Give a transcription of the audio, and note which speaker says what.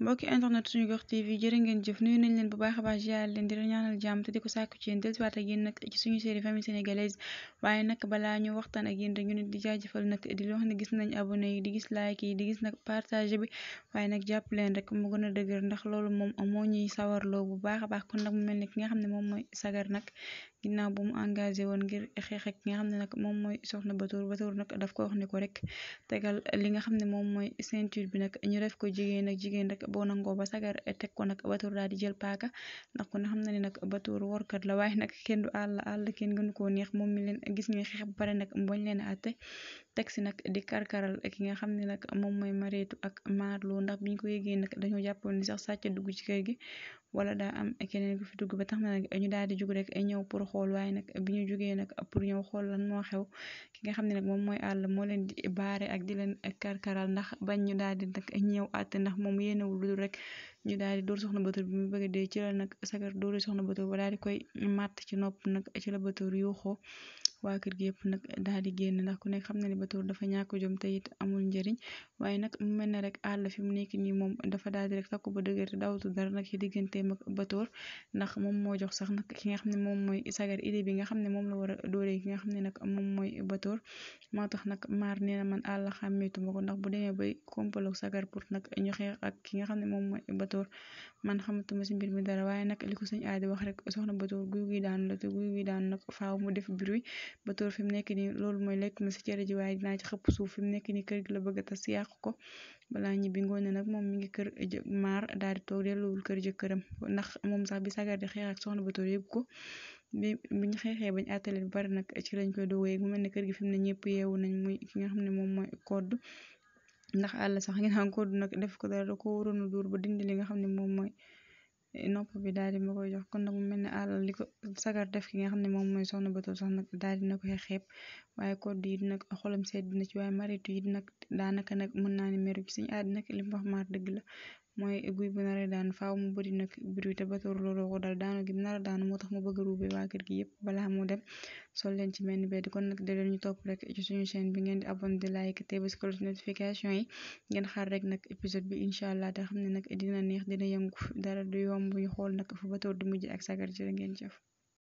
Speaker 1: mbokki internet suñu gox tv jërë ngeen jëf nuyu nañ leen bu baax a baax ziar leen di ñaanal jàmm te di ko sàkku ci yéen dellusiwaat ak yéen nag ci suñu série famille sénégalaise waaye nag balaa ñu waxtaan a yéen rek ñu nit di jaajëfal nag di loo xam ne gis nañ abonné yi di gis like yi di gis nag partage bi waaye nag jàpp leen rek mu gën a dëgër ndax loolu moom moo ñuy sawarloo bu baax a baax kon nag mu mel ne ki nga xam ne moom mooy sagar nag ginnaaw bu mu engagé woon ngir xeex ak ki xam ne nag moom mooy soxna Batour Batour nag daf ko wax ne ko rek tegal li nga xam ne moom mooy ceinture bi nag ñu def ko jigéen ak jigéen rek boo nangoo ba sagar eh, teg ko nag batoor daal di jël paaka ndax ku ne xam na ne nag batoor workat la waaye nag kenn du àll àll kenn gënu neex moom mi leen gis ñuy xeex ba pare nag bañ leen àtte teg si nag di karkaral ki nga ko yégee nag dañoo jàppoon ni sax sàcc dugg ci kër gi wala daa am ba tax na nag ñu daal di jug rek ñëw pour xool waaye nag bi ñu jugee nag pour ñëw xool lan moo xew ki nga xam ne nag moom mooy àll moo leen di baare ak di leen karkaral ndax bañ ñu daal ndax moom yéenewu boobu lu rek ñu daal di dóor soxna Bator bi mu bëgg a dee ci la nag sagar dóor soxna Bator ba daal di koy màtt ci nopp nag ci la Bator yuuxoo waa kër gi yëpp nag daal di génn ndax ku nekk xam na ne Batoor dafa ñàkk jom te it amul njëriñ waaye nag mu mel ne rek àll fi mu nekk nii moom dafa daal di rek takku ba dëgër te dawatu dara nag ci digganteem ak Batoor ndax moom moo jox sax nag ki nga xam ne moom mooy sagar idée bi nga xam ne moom la war a ki nga xam ne nag moom moy Batoor moo tax nag maar nee na man àll xàmmeetu ko ndax bu demee bay kompaloo sagar pour nag ñu xeex ak ki nga xam ne moom mooy Batoor man xamatuma si mbir mi dara waaye nag li ko sëñ aadi wax rek soxna Batoor guy guy daan la te guy guy daanu nag faaw mu def bruit ba tóor fi mu nekk nii loolu mooy lekk ma si cere ji waaye dinaa ci xëpp suuf fi mu nekk nii kër gi la bëgg a tas yàqu ko balaa ñibbi ngoone nag moom mi ngi kër maar daal di toog delloowul kër jëkkëram ndax moom sax bi sagar di xeex ak soxna ba tóor ko bi bi ñu xeexee bañ àttale bi bari nag ci lañ koy dogoyeg mu mel ne kër gi fi mu ne ñëpp yeewu nañ muy ki nga xam ne moom mooy kod ndax àll sax ngeen xam kodd nag def ko dara da ko waroon a dóor ba dindi li nga xam ne moom mooy nopp bi daal di ma koy jox kon nag mel ne àll li ko sagar def ki nga xam ne moom mooy soxna Batul sax nag daal dina koy xeeb waaye kodd yi nag xolam sedd na ci waaye maritu yi nag daanaka nag mën naa ne meru ci suñu aada nag li mu wax maar dëgg la mooy guy bu naree daan faaw mu bëri nag bruit te batóor looloo ko dal daanu gi mu nar a daanu moo tax mu bëgg a ruube waa kër gi yëpp balaa mu dem sol leen ci benn bedd kon nag daleen ñu topp rek ci suñu bi ngeen di abonné di like te bés notification yi ngeen xaar rek nag épisode bi incha allah te xam ne nag dina neex dina yëngu dara du yomb ñu xool nag fu batóor di mujj ak sagar jërë ngeen jëf